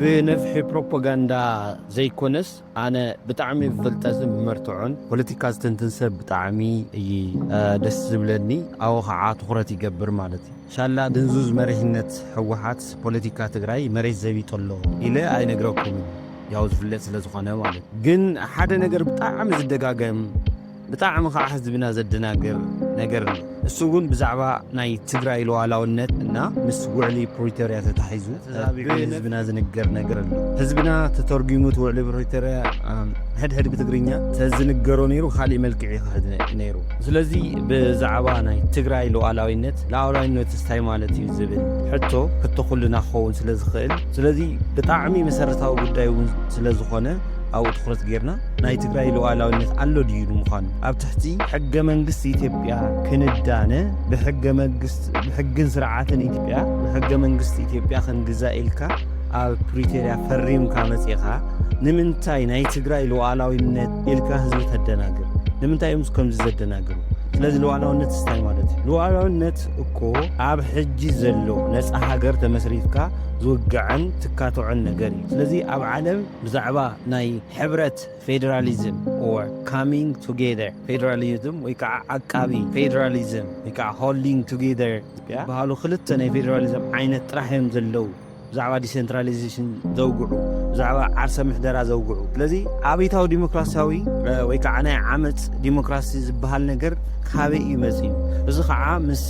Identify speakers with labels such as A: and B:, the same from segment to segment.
A: ብነፍሒ ፕሮፓጋንዳ ዘይኮነስ ኣነ ብጣዕሚ ብፍልጠትን ብመርትዖን ፖለቲካ ዝተንትን ሰብ ብጣዕሚ እዩ ደስ ዝብለኒ ኣብኡ ከዓ ትኩረት ይገብር ማለት እዩ ሻላ ድንዙዝ መሪሕነት ሕወሓት ፖለቲካ ትግራይ መሬት ዘቢጠሎ ኢለ ኣይነግረኩም ያው ዝፍለጥ ስለ ዝኾነ ማለት ግን ሓደ ነገር ብጣዕሚ ዝደጋገም ብጣዕሚ ከዓ ህዝብና ዘደናገር ነገር ነው እሱ እውን ብዛዕባ ናይ ትግራይ ለዋላውነት እና ምስ ውዕሊ ፕሪቶርያ ተታሒዙ ህዝብና ዝንገር ነገር ኣሎ ህዝብና ተተርጊሙ ውዕሊ ፕሪቶርያ ሕድሕድ ብትግርኛ ተዝንገሮ ነይሩ ካልእ መልክዕ ይክሕድ ነይሩ ስለዚ ብዛዕባ ናይ ትግራይ ለዋላዊነት ላዕላዊነት ስታይ ማለት እዩ ዝብል ሕቶ ሕቶ ክኸውን ስለ ስለዚ ብጣዕሚ መሰረታዊ ጉዳይ እውን ስለዝኾነ ኣብኡ ትኩረት ጌርና ናይ ትግራይ ልዋላውነት ኣሎ ድዩ ንምዃኑ ኣብ ትሕቲ ሕገ መንግስቲ ኢትዮጵያ ክንዳነ ብሕግን ስርዓትን ኢትዮጵያ ብሕገ መንግስቲ ኢትዮጵያ ክንግዛ ኢልካ ኣብ ፕሪቶርያ ፈሪምካ መፅኢኻ ንምንታይ ናይ ትግራይ ልዋላዊነት ኢልካ ህዝቢ ተደናግር ንምንታይ እዮም ከምዚ ዘደናግሩ ስለዚ ሉዓላውነት ስታይ ማለት እዩ ሉዓላውነት እኮ ኣብ ሕጂ ዘሎ ነፃ ሃገር ተመስሪትካ ዝውግዐን ትካትዖን ነገር እዩ ስለዚ ኣብ ዓለም ብዛዕባ ናይ ሕብረት ፌደራሊዝም ካሚንግ ቱጌር ፌደራሊዝም ወይ ከዓ ዓቃቢ ፌደራሊዝም ወይ ከዓ ሆልዲንግ ቱጌር ዝበሃሉ ክልተ ናይ ፌደራሊዝም ዓይነት ጥራሕ እዮም ዘለው ብዛዕባ ዲሴንትራላይዜሽን ዘውግዑ ብዛዕባ ዓርሰ ምሕደራ ዘውግዑ ስለዚ ኣበይታዊ ዲሞክራሲያዊ ወይ ከዓ ናይ ዓመፅ ዲሞክራሲ ዝበሃል ነገር ካበይ እዩ መፅ እዩ እዚ ከዓ ምስ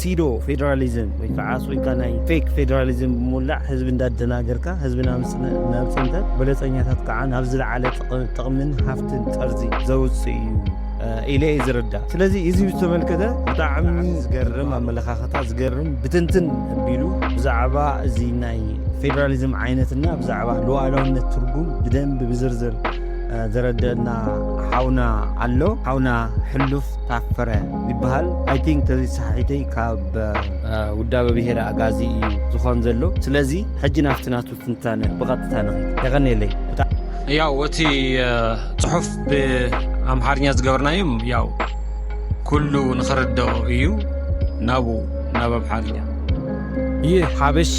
A: ሲዶ ፌደራሊዝም ወይ ከዓ ስወይካ ናይ ፌክ ፌደራሊዝም ብምውላዕ ህዝቢ እንዳደናገርካ ህዝቢ ናብፅንተት በለፀኛታት ከዓ ናብ ዝለዓለ ጥቕምን ሃፍትን ጠርዚ ዘውፅእ እዩ ኢለ እዩ ዝርዳእ ስለዚ እዚ ዝተመልከተ ብጣዕሚ ዝገርም ኣመለኻኽታ ዝገርም ብትንትን ኣቢሉ ብዛዕባ እዚ ናይ ፌደራሊዝም ዓይነትና ብዛዕባ ሉዋላውነት ትርጉም ብደንብ ብዝርዝር ዘረድአና ሓውና ኣሎ ሓውና ሕሉፍ ታፈረ ይበሃል ኣይ ቲንክ ተዘይሰሓሒተይ ካብ ውዳበ ብሄር ኣጋዚ እዩ ዝኾን ዘሎ ስለዚ ሕጂ ናፍቲ ናቱ ትንታነ ብቐጥታ ንኽድ የቐኒየለይ
B: ያው እቲ ፅሑፍ ኣምሓርኛ ዝገበርናዮም ያው ኩሉ ንኽርድኦ እዩ ናብኡ ናብ ኣምሓርኛ ይህ ሀበሻ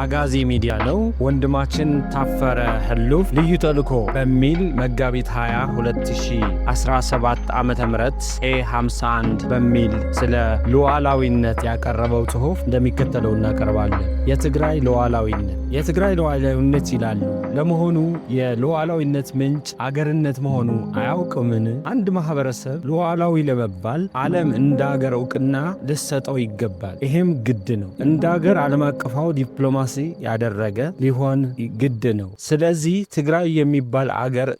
B: አጋዚ ሚዲያ ነው። ወንድማችን ታፈረ ህሉፍ ልዩ ተልኮ በሚል መጋቢት 20 2017 ዓ ም ኤ 51 በሚል ስለ ሉዓላዊነት ያቀረበው ጽሑፍ እንደሚከተለው እናቀርባለን። የትግራይ ሉዓላዊነት የትግራይ ሉዓላዊነት ይላሉ። ለመሆኑ የሉዓላዊነት ምንጭ አገርነት መሆኑ አያውቅምን? አንድ ማህበረሰብ ሉዓላዊ ለመባል ዓለም እንደ አገር እውቅና ልሰጠው ይገባል። ይሄም ግድ ነው። እንደ አገር ዓለም አቀፋው ዲፕሎማሲ ያደረገ ሊሆን ግድ ነው። ስለዚህ ትግራይ የሚባል አገር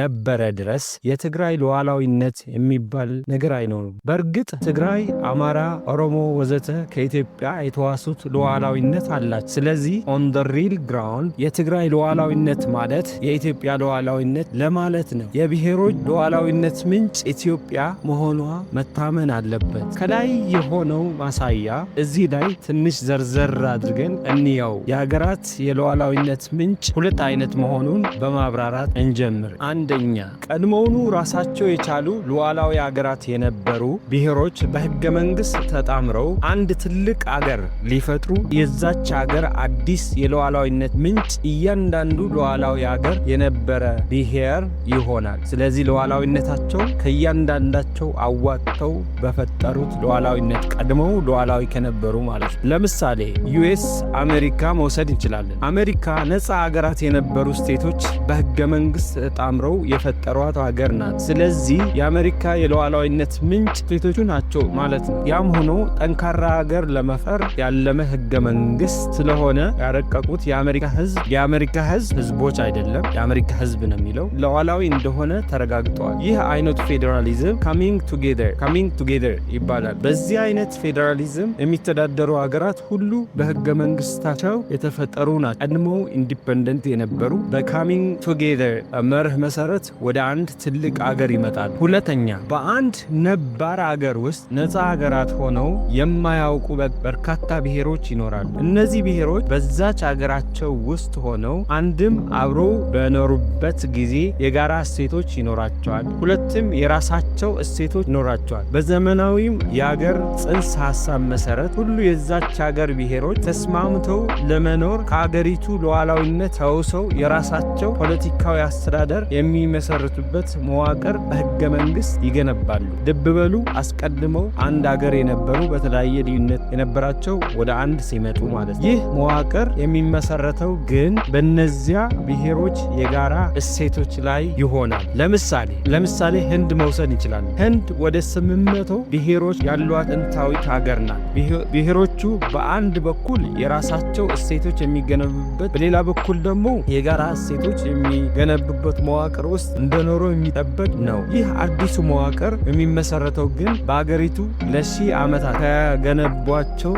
B: ነበረ ድረስ የትግራይ ሉዓላዊነት የሚባል ነገር አይኖርም። በእርግጥ ትግራይ፣ አማራ፣ ኦሮሞ ወዘተ ከኢትዮጵያ የተዋሱት ሉዓላዊነት አላቸው። ስለዚህ ኦን ደ ሪል ግራውንድ የትግራይ ሉዓላዊነት ማለት የኢትዮጵያ ሉዓላዊነት ለማለት ነው። የብሔሮች ሉዓላዊነት ምንጭ ኢትዮጵያ መሆኗ መታመን አለበት። ከላይ የሆነው ማሳያ እዚህ ላይ ትንሽ ዘ ዘርዘር አድርገን እንየው። የሀገራት የሉዓላዊነት ምንጭ ሁለት አይነት መሆኑን በማብራራት እንጀምር። አንደኛ ቀድሞውኑ ራሳቸው የቻሉ ሉዓላዊ ሀገራት የነበሩ ብሔሮች በህገ መንግስት ተጣምረው አንድ ትልቅ አገር ሊፈጥሩ የዛች ሀገር አዲስ የሉዓላዊነት ምንጭ እያንዳንዱ ሉዓላዊ ሀገር የነበረ ብሔር ይሆናል። ስለዚህ ሉዓላዊነታቸው ከእያንዳንዳቸው አዋጥተው በፈጠሩት ሉዓላዊነት ቀድመው ሉዓላዊ ከነበሩ ማለት ነው። ለምሳሌ ለምሳሌ ዩኤስ አሜሪካ መውሰድ እንችላለን። አሜሪካ ነፃ ሀገራት የነበሩ ስቴቶች በህገ መንግስት ተጣምረው የፈጠሯት ሀገር ናት። ስለዚህ የአሜሪካ የሉዓላዊነት ምንጭ ስቴቶቹ ናቸው ማለት ነው። ያም ሆኖ ጠንካራ ሀገር ለመፈር ያለመ ህገ መንግስት ስለሆነ ያረቀቁት የአሜሪካ ህዝብ የአሜሪካ ህዝብ ህዝቦች አይደለም የአሜሪካ ህዝብ ነው የሚለው ሉዓላዊ እንደሆነ ተረጋግጠዋል። ይህ አይነቱ ፌዴራሊዝም ካሚንግ ቱጌደር ካሚንግ ቱጌደር ይባላል። በዚህ አይነት ፌዴራሊዝም የሚተዳደሩ ሀገራት ሁሉ በህገ መንግስታቸው የተፈጠሩ ናቸው። ቀድሞ ኢንዲፐንደንት የነበሩ በካሚንግ ቱጌዘር መርህ መሰረት ወደ አንድ ትልቅ አገር ይመጣል። ሁለተኛ በአንድ ነባር አገር ውስጥ ነፃ ሀገራት ሆነው የማያውቁ በርካታ ብሔሮች ይኖራሉ። እነዚህ ብሔሮች በዛች አገራቸው ውስጥ ሆነው አንድም አብሮ በኖሩበት ጊዜ የጋራ እሴቶች ይኖራቸዋል፣ ሁለትም የራሳቸው እሴቶች ይኖራቸዋል። በዘመናዊም የአገር ጽንሰ ሀሳብ መሰረት ሁሉ የዛች ሀገር ብሔሮች ተስማምተው ለመኖር ከሀገሪቱ ሉዓላዊነት ተውሰው የራሳቸው ፖለቲካዊ አስተዳደር የሚመሰርቱበት መዋቅር በህገ መንግስት ይገነባሉ። ልብ በሉ፣ አስቀድመው አንድ ሀገር የነበሩ በተለያየ ልዩነት የነበራቸው ወደ አንድ ሲመጡ ማለት ይህ መዋቅር የሚመሰረተው ግን በነዚያ ብሔሮች የጋራ እሴቶች ላይ ይሆናል። ለምሳሌ ለምሳሌ ህንድ መውሰድ እንችላለን። ህንድ ወደ ስምንት መቶ ብሔሮች ያሏት ጥንታዊት ሀገር ናት። ብሔሮቹ በ በአንድ በኩል የራሳቸው እሴቶች የሚገነቡበት፣ በሌላ በኩል ደግሞ የጋራ እሴቶች የሚገነቡበት መዋቅር ውስጥ እንደኖረው የሚጠበቅ ነው። ይህ አዲሱ መዋቅር የሚመሰረተው ግን በአገሪቱ ለሺህ ዓመታት ከገነቧቸው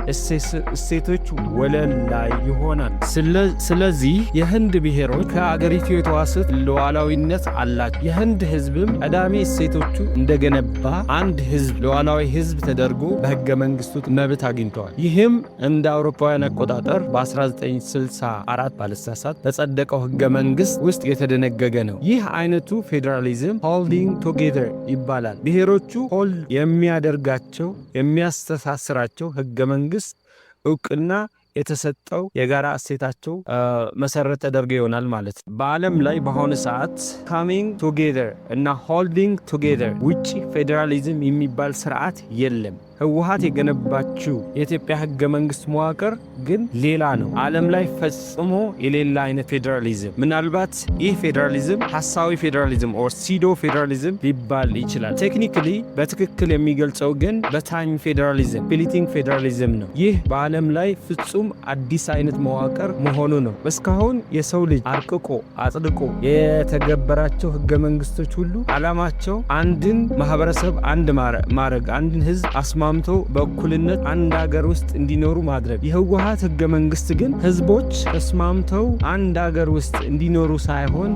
B: እሴቶች ወለል ላይ ይሆናል። ስለዚህ የህንድ ብሔሮች ከአገሪቱ የተዋሱት ሉዓላዊነት አላቸው። የህንድ ህዝብም ቀዳሚ እሴቶቹ እንደገነባ አንድ ህዝብ ሉዓላዊ ህዝብ ተደርጎ በህገ መንግስቱ መብት አግኝተዋል። ይህም እንደ አውሮፓውያን አቆጣጠር በ1964 ባለሳሳት በጸደቀው ህገ መንግስት ውስጥ የተደነገገ ነው። ይህ አይነቱ ፌዴራሊዝም ሆልዲንግ ቱጌዘር ይባላል። ብሔሮቹ ሆልድ የሚያደርጋቸው የሚያስተሳስራቸው ህገ መንግስት እውቅና የተሰጠው የጋራ እሴታቸው መሰረት ተደርጎ ይሆናል ማለት ነው። በዓለም ላይ በአሁኑ ሰዓት ካሚንግ ቱጌደር እና ሆልዲንግ ቱጌደር ውጭ ፌዴራሊዝም የሚባል ስርዓት የለም። ህወሀት የገነባችው የኢትዮጵያ ህገ መንግስት መዋቅር ግን ሌላ ነው። ዓለም ላይ ፈጽሞ የሌላ አይነት ፌዴራሊዝም። ምናልባት ይህ ፌዴራሊዝም ሀሳዊ ፌዴራሊዝም ኦር ሲዶ ፌዴራሊዝም ሊባል ይችላል። ቴክኒካሊ በትክክል የሚገልጸው ግን በታኝ ፌዴራሊዝም፣ ፕሊቲንግ ፌዴራሊዝም ነው። ይህ በዓለም ላይ ፍጹም አዲስ አይነት መዋቅር መሆኑ ነው። እስካሁን የሰው ልጅ አርቅቆ አጽድቆ የተገበራቸው ህገ መንግስቶች ሁሉ አላማቸው አንድን ማህበረሰብ አንድ ማድረግ፣ አንድን ህዝብ አስማምቶ በእኩልነት አንድ ሀገር ውስጥ እንዲኖሩ ማድረግ። የህወሀት ህገ መንግስት ግን ህዝቦች ተስማምተው አንድ ሀገር ውስጥ እንዲኖሩ ሳይሆን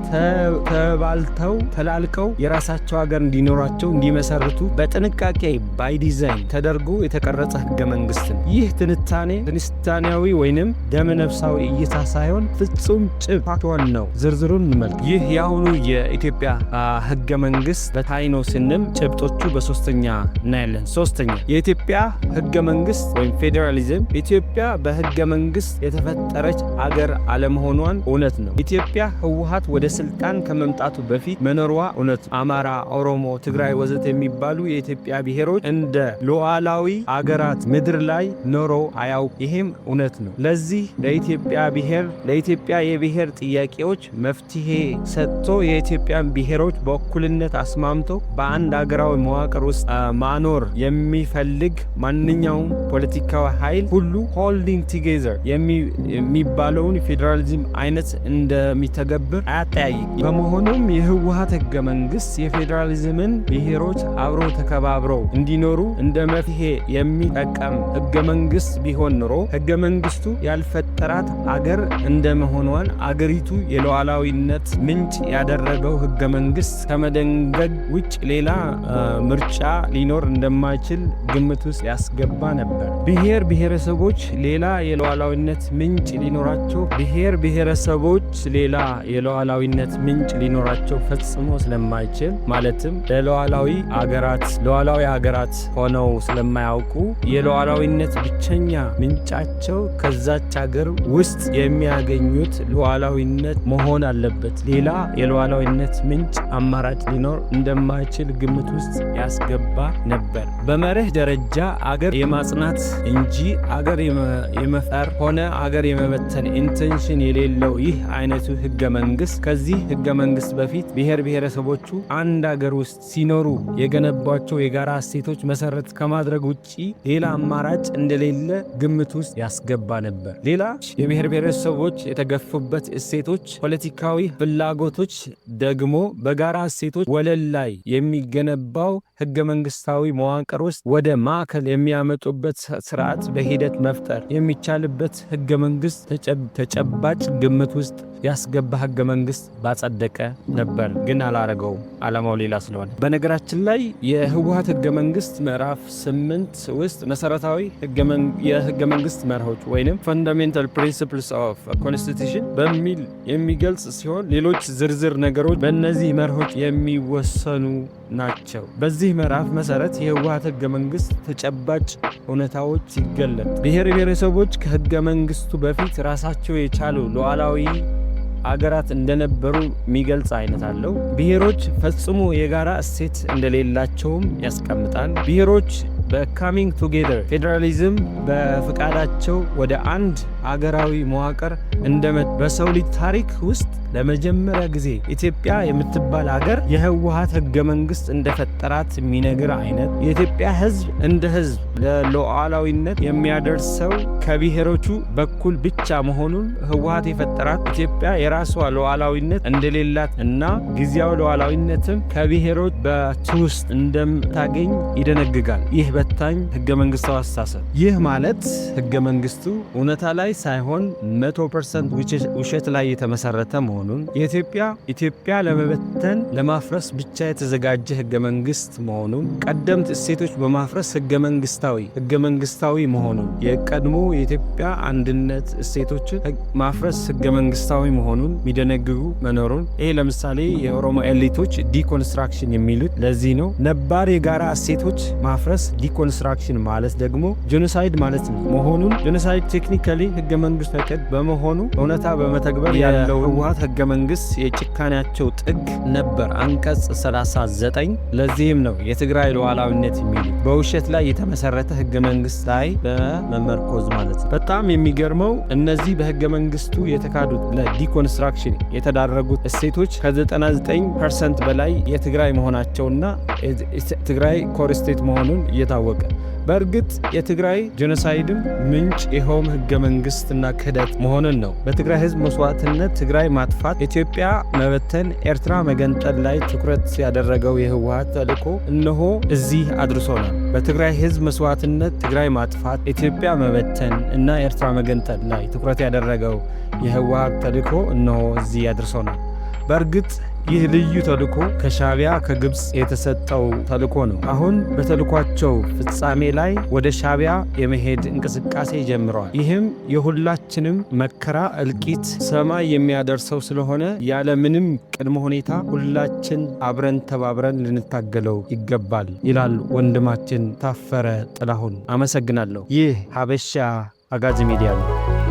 B: ተባልተው ተላልቀው የራሳቸው ሀገር እንዲኖራቸው እንዲመሰርቱ በጥንቃቄ ባይ ዲዛይን ተደርጎ የተቀረጸ ህገ መንግስት ነው። ይህ ትንታኔ ትንስታኔያዊ ሐሳዊ ወይንም ደመነፍሳዊ እይታ ሳይሆን ፍጹም ጭብ ፋክቹዋል ነው። ዝርዝሩን እንመልከት። ይህ የአሁኑ የኢትዮጵያ ህገ መንግስት በታይ ነው ስንም ጭብጦቹ በሶስተኛ እናያለን። ሶስተኛ የኢትዮጵያ ህገ መንግስት ወይም ፌዴራሊዝም ኢትዮጵያ በህገ መንግስት የተፈጠረች አገር አለመሆኗን እውነት ነው። ኢትዮጵያ ህወሀት ወደ ስልጣን ከመምጣቱ በፊት መኖሯ እውነት ነው። አማራ፣ ኦሮሞ፣ ትግራይ ወዘት የሚባሉ የኢትዮጵያ ብሔሮች እንደ ሉዓላዊ አገራት ምድር ላይ ኖሮ አያውቅ። ይህም እውነት እውነት ነው። ለዚህ ለኢትዮጵያ ብሔር ለኢትዮጵያ የብሔር ጥያቄዎች መፍትሄ ሰጥቶ የኢትዮጵያን ብሔሮች በእኩልነት አስማምቶ በአንድ አገራዊ መዋቅር ውስጥ ማኖር የሚፈልግ ማንኛውም ፖለቲካዊ ኃይል ሁሉ ሆልዲንግ ቲጌዘር የሚባለውን ፌዴራሊዝም አይነት እንደሚተገብር አያጠያይቅ። በመሆኑም የህወሀት ህገ መንግስት የፌዴራሊዝምን ብሔሮች አብረው ተከባብረው እንዲኖሩ እንደ መፍትሄ የሚጠቀም ህገ መንግስት ቢሆን ኑሮ ህገ መንግስቱ ያልፈጠራት አገር እንደመሆኗን አገሪቱ የሉዓላዊነት ምንጭ ያደረገው ህገ መንግስት ከመደንገግ ውጭ ሌላ ምርጫ ሊኖር እንደማይችል ግምት ውስጥ ያስገባ ነበር። ብሔር ብሔረሰቦች ሌላ የሉዓላዊነት ምንጭ ሊኖራቸው ብሔር ብሔረሰቦች ሌላ የሉዓላዊነት ምንጭ ሊኖራቸው ፈጽሞ ስለማይችል ማለትም ለሉዓላዊ አገራት ሉዓላዊ ሀገራት ሆነው ስለማያውቁ የሉዓላዊነት ብቸኛ ምንጫቸው ከዛች ሀገር ውስጥ የሚያገኙት ሉዓላዊነት መሆን አለበት። ሌላ የሉዓላዊነት ምንጭ አማራጭ ሊኖር እንደማይችል ግምት ውስጥ ያስገባ ነበር። በመርህ ደረጃ አገር የማጽናት እንጂ አገር የመፍጠር ሆነ አገር የመበተን ኢንቴንሽን የሌለው ይህ አይነቱ ህገ መንግስት ከዚህ ህገ መንግስት በፊት ብሔር ብሔረሰቦቹ አንድ አገር ውስጥ ሲኖሩ የገነቧቸው የጋራ እሴቶች መሰረት ከማድረግ ውጭ ሌላ አማራጭ እንደሌለ ግምት ውስጥ ያስገባ ይገባ ነበር። ሌላ የብሔር ብሔረሰቦች የተገፉበት እሴቶች፣ ፖለቲካዊ ፍላጎቶች ደግሞ በጋራ እሴቶች ወለል ላይ የሚገነባው ህገ መንግስታዊ መዋቅር ውስጥ ወደ ማዕከል የሚያመጡበት ስርዓት በሂደት መፍጠር የሚቻልበት ህገ መንግስት ተጨባጭ ግምት ውስጥ ያስገባ ህገ መንግስት ባጸደቀ ነበር። ግን አላረገውም፣ አላማው ሌላ ስለሆነ። በነገራችን ላይ የህወሀት ህገ መንግስት ምዕራፍ ስምንት ውስጥ መሰረታዊ የህገ መንግስት መርሆች ወይም ፈንዳሜንታል ፕሪንስፕልስ ኦፍ ኮንስቲቱሽን በሚል የሚገልጽ ሲሆን ሌሎች ዝርዝር ነገሮች በእነዚህ መርሆች የሚወሰኑ ናቸው። በዚህ ምዕራፍ መሰረት የህወሀት ህገ መንግስት ተጨባጭ እውነታዎች ሲገለጥ ብሔር ብሔረሰቦች ከህገ መንግስቱ በፊት ራሳቸው የቻሉ ሉዓላዊ አገራት እንደነበሩ የሚገልጽ አይነት አለው። ብሔሮች ፈጽሞ የጋራ እሴት እንደሌላቸውም ያስቀምጣል። ብሔሮች በካሚንግ ቱጌደር ፌዴራሊዝም በፈቃዳቸው ወደ አንድ አገራዊ መዋቅር በሰው ልጅ ታሪክ ውስጥ ለመጀመሪያ ጊዜ ኢትዮጵያ የምትባል አገር የህወሀት ህገ መንግስት እንደፈጠራት የሚነግር አይነት የኢትዮጵያ ህዝብ እንደ ህዝብ ለሉዓላዊነት የሚያደርሰው ከብሔሮቹ በኩል ብቻ መሆኑን ህወሀት የፈጠራት ኢትዮጵያ የራሷ ሉዓላዊነት እንደሌላት እና ጊዜያዊ ሉዓላዊነትም ከብሔሮች በች ውስጥ እንደምታገኝ ይደነግጋል። ይህ በታኝ ህገ መንግስታዊ አስተሳሰብ ይህ ማለት ህገ መንግስቱ እውነታ ላይ ሳይሆን 100% ውሸት ላይ የተመሰረተ መሆኑን የኢትዮጵያ ኢትዮጵያ ለመበተን ለማፍረስ ብቻ የተዘጋጀ ህገ መንግስት መሆኑን ቀደምት እሴቶች በማፍረስ ህገ መንግስታዊ ህገ መንግስታዊ መሆኑን የቀድሞ የኢትዮጵያ አንድነት እሴቶችን ማፍረስ ህገ መንግስታዊ መሆኑን የሚደነግጉ መኖሩን ይህ ለምሳሌ የኦሮሞ ኤሊቶች ዲኮንስትራክሽን የሚሉት ለዚህ ነው። ነባር የጋራ እሴቶች ማፍረስ ዲኮንስትራክሽን ማለት ደግሞ ጄኖሳይድ ማለት ነው መሆኑን ጄኖሳይድ ቴክኒካሊ ህገ መንግስት በመሆኑ እውነታ በመተግበር ያለው ህወሀት ህገ መንግስት የጭካኔያቸው ጥግ ነበር አንቀጽ 39። ለዚህም ነው የትግራይ ሉዓላዊነት የሚሉ በውሸት ላይ የተመሰረተ ህገ መንግስት ላይ በመመርኮዝ ማለት ነው። በጣም የሚገርመው እነዚህ በህገ መንግስቱ የተካዱት ለዲኮንስትራክሽን የተዳረጉት እሴቶች ከ99 ፐርሰንት በላይ የትግራይ መሆናቸውና ትግራይ ኮር ስቴት መሆኑን እየታወቀ በእርግጥ የትግራይ ጄኖሳይድም ምንጭ ይኸውም ህገ መንግስትና ክህደት መሆንን ነው። በትግራይ ህዝብ መስዋዕትነት ትግራይ ማጥፋት፣ ኢትዮጵያ መበተን፣ ኤርትራ መገንጠል ላይ ትኩረት ያደረገው የህወሀት ተልእኮ እነሆ እዚህ አድርሶናል። በትግራይ ህዝብ መስዋዕትነት ትግራይ ማጥፋት፣ ኢትዮጵያ መበተን እና ኤርትራ መገንጠል ላይ ትኩረት ያደረገው የህወሀት ተልእኮ እነሆ እዚህ አድርሶናል። በእርግጥ ይህ ልዩ ተልእኮ ከሻቢያ ከግብፅ የተሰጠው ተልእኮ ነው። አሁን በተልኳቸው ፍጻሜ ላይ ወደ ሻቢያ የመሄድ እንቅስቃሴ ጀምረዋል። ይህም የሁላችንም መከራ እልቂት ሰማይ የሚያደርሰው ስለሆነ ያለ ምንም ቅድመ ሁኔታ ሁላችን አብረን ተባብረን ልንታገለው ይገባል ይላል ወንድማችን ታፈረ ጥላሁን። አመሰግናለሁ። ይህ ሀበሻ አጋዚ ሚዲያ ነው።